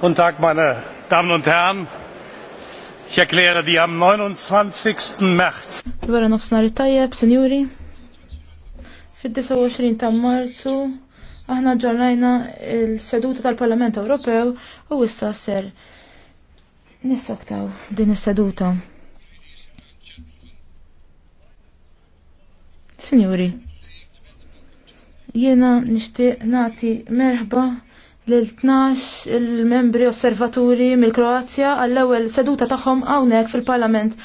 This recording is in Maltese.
Guten Tag, meine Damen und Herren. Ich erkläre die am 29. März. Wara nofsnar tajjeb, sinjuri. Fid-29 ta' Marzu aħna ġarrajna il-seduta tal-Parlament Ewropew u issa ser Nisoktaw din is-seduta. Sinjuri, jiena nixtieq nagħti merħba l-12 il-membri osservaturi mill-Kroazja għall-ewwel seduta tagħhom hawnhekk fil-Parlament